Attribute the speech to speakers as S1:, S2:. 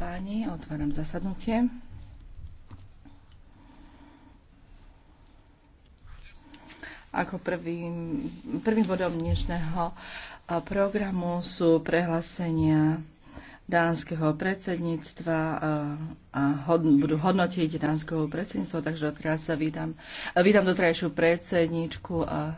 S1: páni, otváram zasadnutie. Ako prvým, prvým bodom dnešného programu sú prehlásenia dánskeho predsedníctva a hod, budú hodnotiť dánskeho predsedníctva, takže odkiaľ sa vítam,
S2: vítam dotrajšiu predsedníčku.